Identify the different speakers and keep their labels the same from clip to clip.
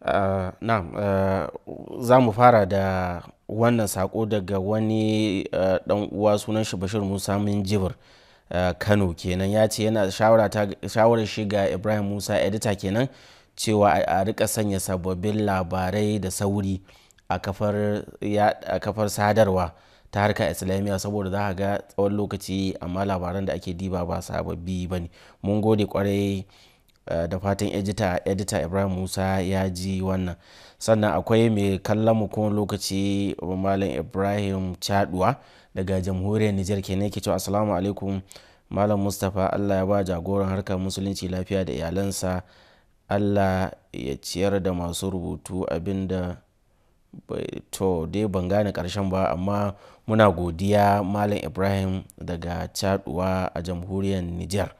Speaker 1: Uh, na uh, za mu fara da wannan sako daga wani dan uh, uwa sunan shi bashir musa min jibir kano kenan ya ce yana shawarar shi ga ibrahim musa edita kenan cewa a rika sanya sababbin labarai da sauri a kafar sadarwa ta harka islamiyya saboda za a ga tsawon lokaci amma labaran da ake diba ba sababbi ba ne mun gode kwarai Eh, da fatan edita edita ibrahim musa ya ji wannan sannan akwai mai kallon mu kuma lokaci malam ibrahim chaduwa daga jamhuriyar nijar ke ne ke cewa assalamu alaikum malam mustapha allah ya ba jagoran harkar musulunci lafiya da iyalansa allah ya ciyar da masu rubutu abinda to dai ban gane karshen ba amma muna godiya malam ibrahim daga chaduwa a jamhuriyar nijar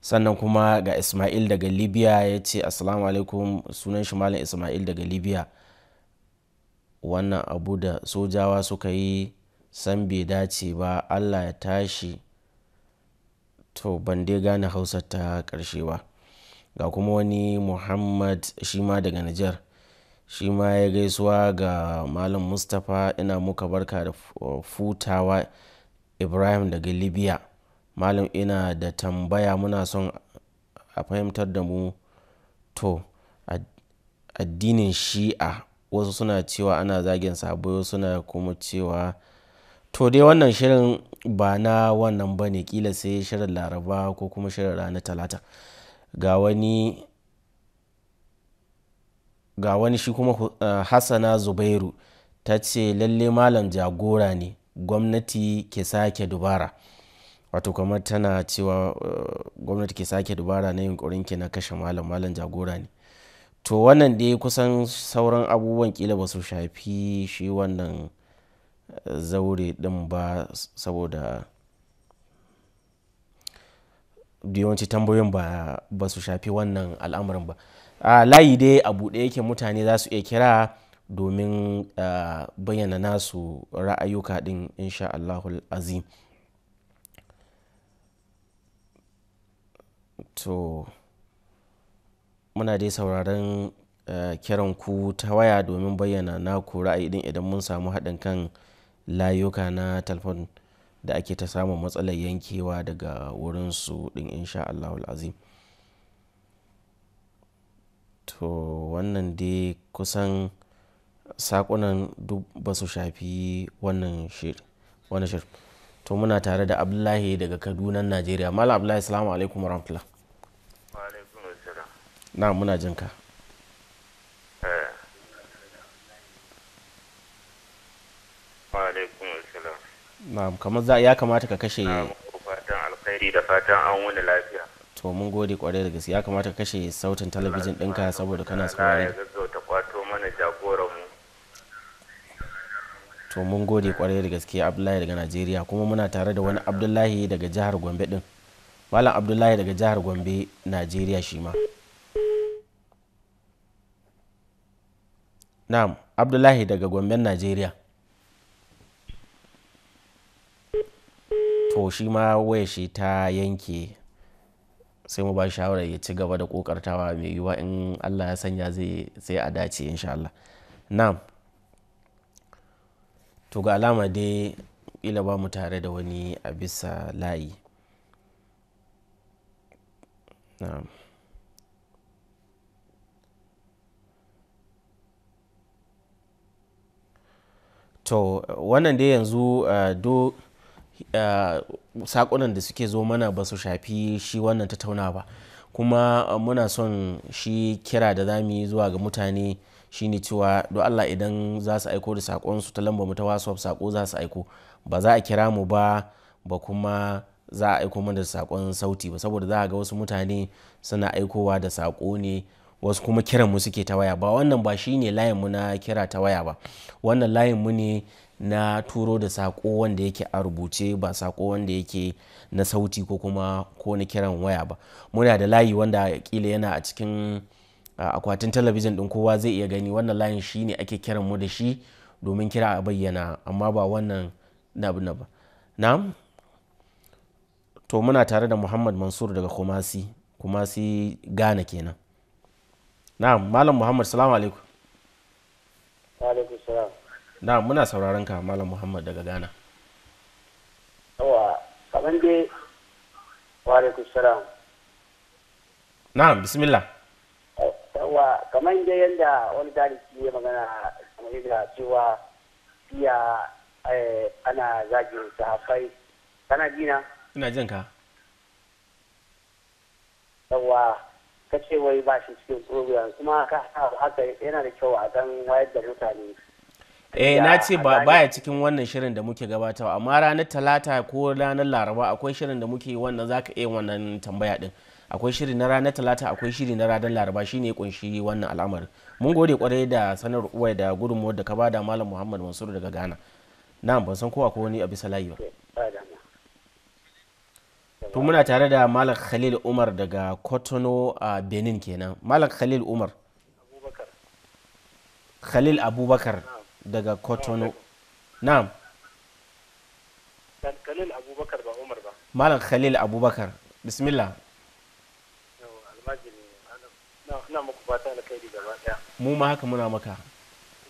Speaker 1: sannan kuma ga ismail daga libya ya ce assalamu alaikum sunan shi malam ismail daga libya wannan abu da sojawa suka yi san bai dace ba allah ya tashi to ban dai gane hausa ta karshe ba ga kuma wani muhammad shi ma daga nijar shi ma ya gaisuwa ga malam mustapha ina muka barka da futawa ibrahim daga libya Malam ina da tambaya muna son a fahimtar da mu to addinin Shi'a wasu suna cewa ana zagin sabo suna kuma cewa to dai wannan shirin ba na wannan ba ne kila sai shirin Laraba ko kuma shirin ranar Talata. Ga wani ga wani shi kuma eh, Hassana Zubairu ta ce lalle malam jagora ne gwamnati ke sake dubara. wato kamar tana cewa eh, gwamnati ke sake dubara na yunkurin ki na kashe malam malam jagora ne to wannan dai kusan sauran abubuwan kila ba su shafi shi wannan eh, zaure din ba saboda yawanci tambayoyin ba su shafi wannan al'amarin ba a layi dai a buɗe yake mutane za su iya kira domin eh, bayyana nasu ra'ayuka din insha azim To muna dai sauraron eh, kiran ku ta waya domin bayyana na ku ra'ayi din idan mun samu haɗin kan layuka na telefon da ake ta samun matsalar yankewa daga wurinsu din insha Allah azim. To wannan dai kusan sakunan duk ba su shafi wannan shirin To muna tare da Abdullahi daga Kaduna, Najeriya. mala Abdullahi, salamu alaikum rahmatullah na muna jin ka eh. na'am kamar za ya kamata ka kashe
Speaker 2: fatan alkhairi da fatan an wani lafiya
Speaker 1: to mun gode kwarai da gaske ya kamata ka kashe sautin talabijin ɗinka saboda kana saurari ya gaggauta kwato mana jagoran mu to mun gode kwarai da gaske abdullahi daga najeriya kuma muna tare da wani abdullahi daga jihar gombe din malam abdullahi daga jihar gombe najeriya shi ma na'am abdullahi daga gomben najeriya to shi ma waya shi ta yanke sai mu ba shawarar ya ci gaba da kokartawa mai yiwuwa in allah ya sanya zai sai a dace insha allah na'am to ga alama dai ila ba mu tare da wani a bisa layi na'am to wannan dai yanzu eh, do eh, sakonan da suke zo mana ba su shafi shi wannan tauna ba kuma eh, muna son shi kira da zamu yi zuwa ga mutane shine cewa do Allah idan za su aiko da sakonsu ta lambar mu ta WhatsApp sako za su aiko ba za a kira mu ba ba kuma za a aiko mana da sakon sauti ba saboda za a ga wasu mutane suna aikowa da sako ne wasu kuma kiran mu suke ta waya ba wannan ba shine layin mu na kira ta waya ba wannan layin mu ne na turo da sako wanda yake a rubuce ba sako wanda yake na sauti ko kuma ko na kiran waya ba muna da layi wanda kila yana a cikin akwatin talabijin din kowa zai iya gani wannan layin shi ne ake kiran mu da shi domin kira a bayyana amma ba wannan na ba na to muna tare da muhammad mansur daga kumasi kumasi ghana kenan na'am malam muhammad salamu alaikum
Speaker 3: alaikum salam
Speaker 1: na'am muna sauraron ka malam muhammad daga ghana
Speaker 3: yawa kaman dai wa alaikum salam
Speaker 1: na'am bismillah
Speaker 3: yawa kaman dai yadda wani daliki ya magana kamar da cewa iya eh, ana zagin sahabbai kana jina ina jin ka yawa ka ce wai ba shi cikin program kuma ka haka yana da kyau a dan wayar da mutane eh na ce ba baya
Speaker 1: cikin wannan shirin da muke gabatarwa amma ranar talata ko ranar laraba akwai shirin da muke wannan zaka iya wannan tambaya din akwai shiri na ranar talata akwai shiri na ranar laraba shine kunshi wannan al'amarin mun gode kwarai da sanar uwa da gudunmuwar da ka bada malam muhammad mansur daga ghana na ban san ko akwai wani a bisa layi ba to muna tare da malak khalil umar daga kotono a benin kenan malak khalil umar khalil abubakar daga kotono na'am
Speaker 2: khalil abubakar ba umar ba
Speaker 1: malak khalil abubakar bismillah
Speaker 2: na
Speaker 3: muku fata alkhairi gaba daya
Speaker 1: mu ma haka muna maka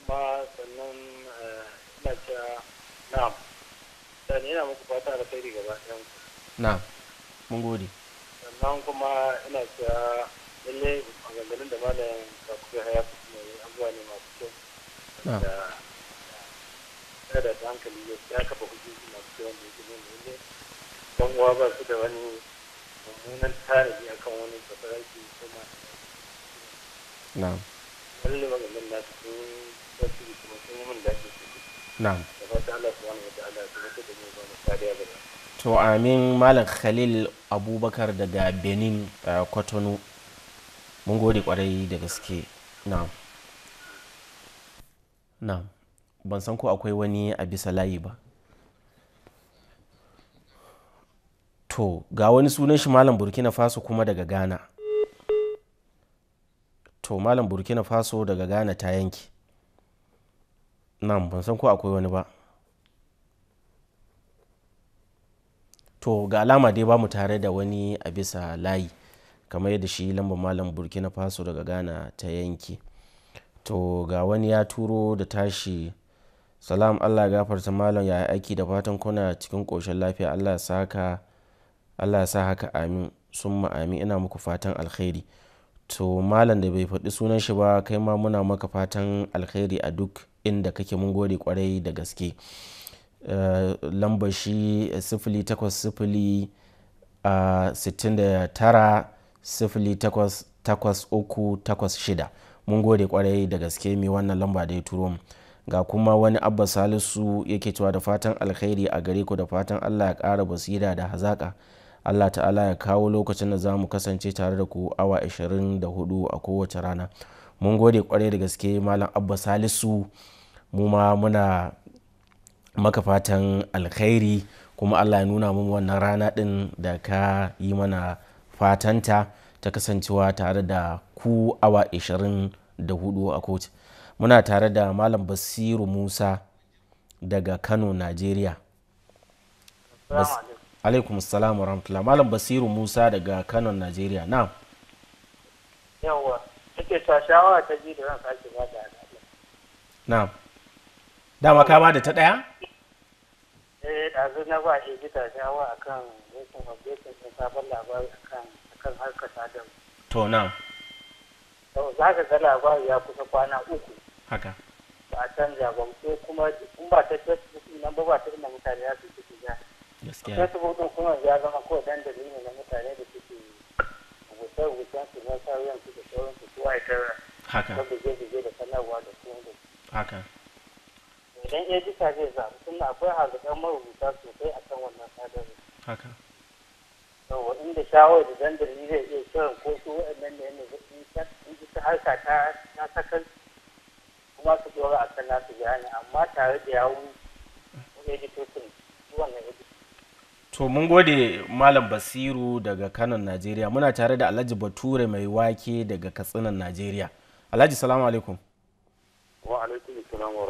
Speaker 3: ba sannan eh, ina ce na'am sannan ina muku fata alkhairi gaba daya
Speaker 1: na'am mun gode
Speaker 3: sannan kuma ina cewa lalle maganganun da malayan malam kakuka ya fi ne abubuwa ne masu kyau da da da hankali ya kafa hujjoji masu kyau da yake nuna lalle ban uwa ba su da wani mummunan tarihi a kan wani tsaraki kuma na'am lalle maganganun na su sun wasu kuma sun yi min su
Speaker 1: na'am
Speaker 2: da fata Allah subhanahu wa ta'ala su tabbatar da mu ba mu kariya gaba
Speaker 1: to amin malam khalil abubakar daga benin kwatano mun gode kwarai da gaske na na ban san ko akwai wani a bisa layi ba to ga wani sunan shi malam burkina faso kuma daga ghana to malam burkina faso daga ghana ta yanki na ban san ko akwai wani ba to ga alama dai bamu tare da wani a bisa layi kamar yadda shi lambar malam burkina faso daga ghana ta yanke to ga wani ya turo da tashi salam allah gafarta malam ya aiki da fatan kuna cikin koshin lafiya allah saka sa haka amin sun amin ina muku fatan alkhairi to malam da bai faɗi sunan shi ba kai ma muna maka fatan alkhairi a duk inda kake mun gode kwarai da gaske Eh, lambar shi eh, sifili takwas sifili ah, sittin da tara sifili takwas uku takwas shida mun gode kwarai da gaske mai wannan lamba da ya turo ga kuma wani abba salisu yake cewa da fatan alkhairi a gare ku da fatan allah ya kara basira da hazaƙa allah ta'ala ya kawo lokacin da za mu kasance tare da ku awa 24 a kowace rana mun gode kwarai da gaske malam abba salisu mu ma muna maka fatan alkhairi kuma allah ya nuna mun wannan rana din da ka yi mana fatanta ta kasancewa tare da ku awa 24 a kotu muna tare da malam basiru musa daga kano nigeria alaikum salam rahmatullah malam basiru musa daga kano nigeria na
Speaker 3: yawa take ta shawara ta ji da ran sake ba da
Speaker 1: na dama kama da ta daya
Speaker 3: eh ɗazu na ba shi gita shawa a kan yankin updating ɗin sabon labari a kan harkar sadarwa. to na za ka ga labari ya kusa kwana uku haka ba a canja ba ko kuma in ba ta facebook nan ba ba ta inda mutane ya su ciki ya facebook ɗin kuma ya zama ko dan dalili na mutane da suke rubuce-rubucen su na sauran su da sauran su kuwa ita haka da bige-bige da sanarwa da kuma da haka idan edita zai zaɓi tunda akwai hazikan marubuta sosai a kan wannan sadarwa haka yawa inda shawar da dandali zai iya kiran ko su waɗannan ne yadda in ta harka ta sakar kuma su ɗora a kan nasu bayani amma tare da yawun editocin wannan editocin
Speaker 1: To mun gode Malam Basiru daga Kanon Najeriya muna tare da Alhaji Bature mai wake daga Katsinan Najeriya. Alhaji salamu alaikum.
Speaker 2: Wa alaikum salam wa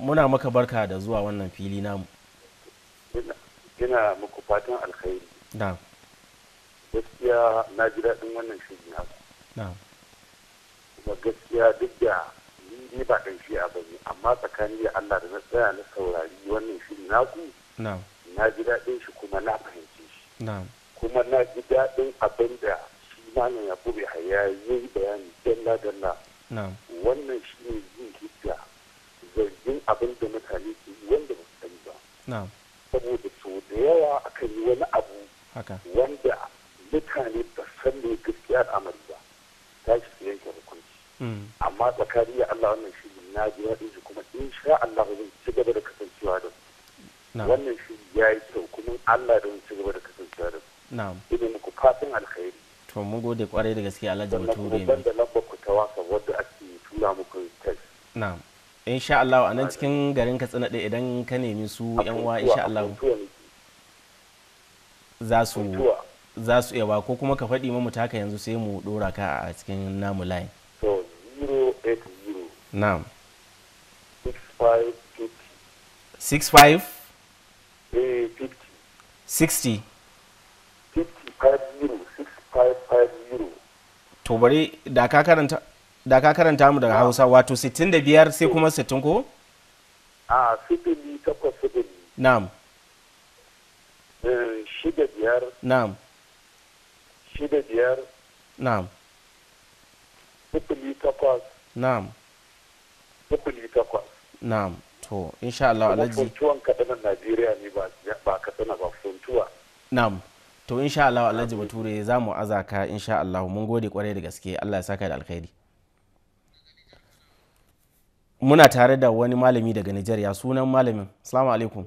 Speaker 1: muna maka barka da zuwa wannan fili namu
Speaker 2: ina muku fatan alkhairi na gaskiya na ji daɗin wannan shirin na na kuma gaskiya duk da ni ne ba ɗan shi a bane amma tsakanin da Allah da na tsaya na saurari wannan shirin na ku na ji daɗin shi kuma na fahimci shi na kuma na ji daɗin abin da shi malam ya bube haya ya yi bayani dalla dalla wannan shi ne yin hijja abin da mutane ke yi wanda ba su sani ba saboda so da yawa akan yi wani abu wanda mutane ba san ne gaskiya al'amari ba ta shi su yanke hukunci mm. amma tsakani ya Allah wannan shi na ji daɗin shi kuma in sha Allah zan ci gaba da kasancewa da
Speaker 1: su wannan
Speaker 2: shi ya yi kyau kuma Allah da ci gaba da kasancewa da
Speaker 1: su
Speaker 2: ina muku fatan alkhairi
Speaker 1: to mun gode kwarai da gaskiya Alhaji Bature ne sannan kuma banda
Speaker 2: lambar ku ta wasa wadda ake tura muku text
Speaker 1: na'am insha Allah a nan cikin garin Katsina ɗaya idan ka nemi su yan uwa insha Allah za su za su yawa ko kuma ka faɗi mu taka yanzu sai mu ɗora ka a cikin namu line.
Speaker 2: So 080.
Speaker 1: Na'am. 6550.
Speaker 2: 65? 50. 60. 55 50 50 6550.
Speaker 1: To bari da ka karanta da ka karanta mu daga ah. hausa wato 65 sai kuma 60 ko?
Speaker 2: a ah, sifili takwas sifili na'am eh, shida biyar na'am shida biyar na'am 68 takwas na'am 68 takwas
Speaker 1: na'am to insha Allah alhaji funtuwan
Speaker 2: kaɗanan Najeriya ne ba kaɗana ba funtuwa
Speaker 1: na'am to insha Allah alhaji bature za mu azaka insha Allah mun gode kwarai da gaske Allah ya saka da alkhairi muna tare da wani malami daga nijar ya sunan malamin salamu alaikum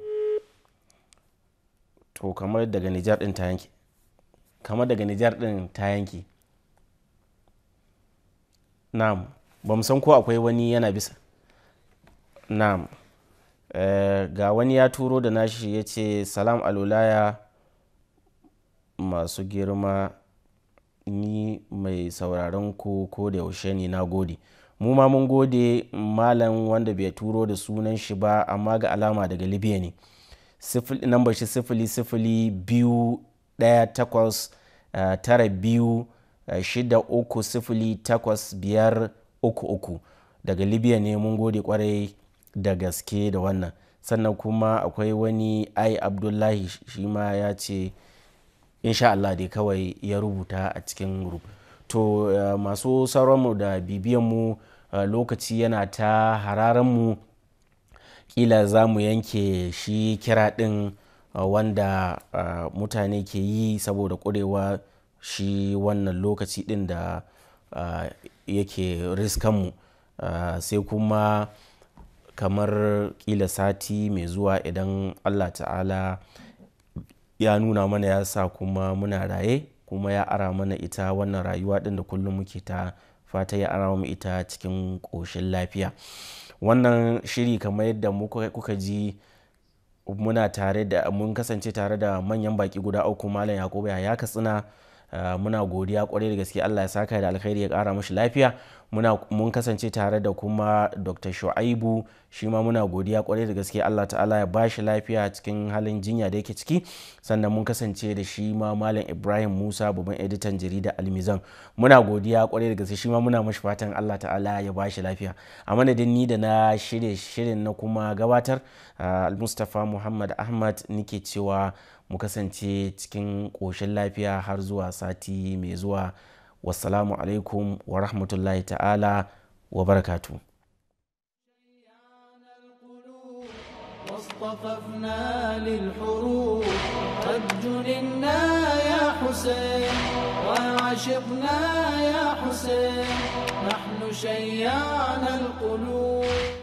Speaker 1: to kamar daga nijar din ta yanki kamar daga nijar din ta yanki na'am ba mu san ko akwai wani yana bisa na'am eh, ga wani ya turo da nashi ya ce salam alulaya masu girma ni mai sauraron ko da yaushe ne na gode mu ma mun gode malam wanda bai turo da sunan shi ba amma ga alama daga libya ne nambar shi sifili sifili biyu daya takwas eh, tara biyu eh, shida uku sifili takwas biyar uku uku daga libya ne mun gode kwarai da gaske da wannan sannan kuma akwai wani ai abdullahi shi ma ya ce insha Allah dai kawai ya rubuta a cikin group to eh, masu sauranmu da bibiyanmu Eh, lokaci yana ta hararanmu kila za mu yanke shi kira ɗin eh, wanda eh, mutane ke yi saboda ƙurewa shi wannan lokaci ɗin da yake riskanmu sai kuma kamar kila sati mai zuwa idan allah ta'ala ya nuna mana ya sa kuma muna raye kuma ya ara mana ita wannan rayuwa ɗin da kullum muke ta fata ya ara mu ita cikin ƙoshin lafiya wannan shiri kamar yadda kuka ji muna tare da mun kasance tare da manyan baki guda uku malam yakubu ya katsina Eh, muna godiya kwarai da gaske Allah ya saka da alkhairi ya kara mashi lafiya mun kasance tare da kuma Dr. Shu'aibu shi ma muna godiya kwarai da gaske Allah ta'ala ya ba shi lafiya cikin halin jinya da yake ciki sannan mun kasance da shi ma Malam Ibrahim Musa babban editan jarida Almizan muna godiya kwarai da gaske shi ma muna mashi fatan Allah ta'ala ya ba shi lafiya a da ni da na shirye shirin na kuma gabatar Ah, almustafa muhammad ahmad nike cewa mu kasance cikin koshin lafiya har zuwa sati mai zuwa wasalamu alaikum wa rahmatullahi ta'ala wa barakatu
Speaker 3: للحروب قد جننا يا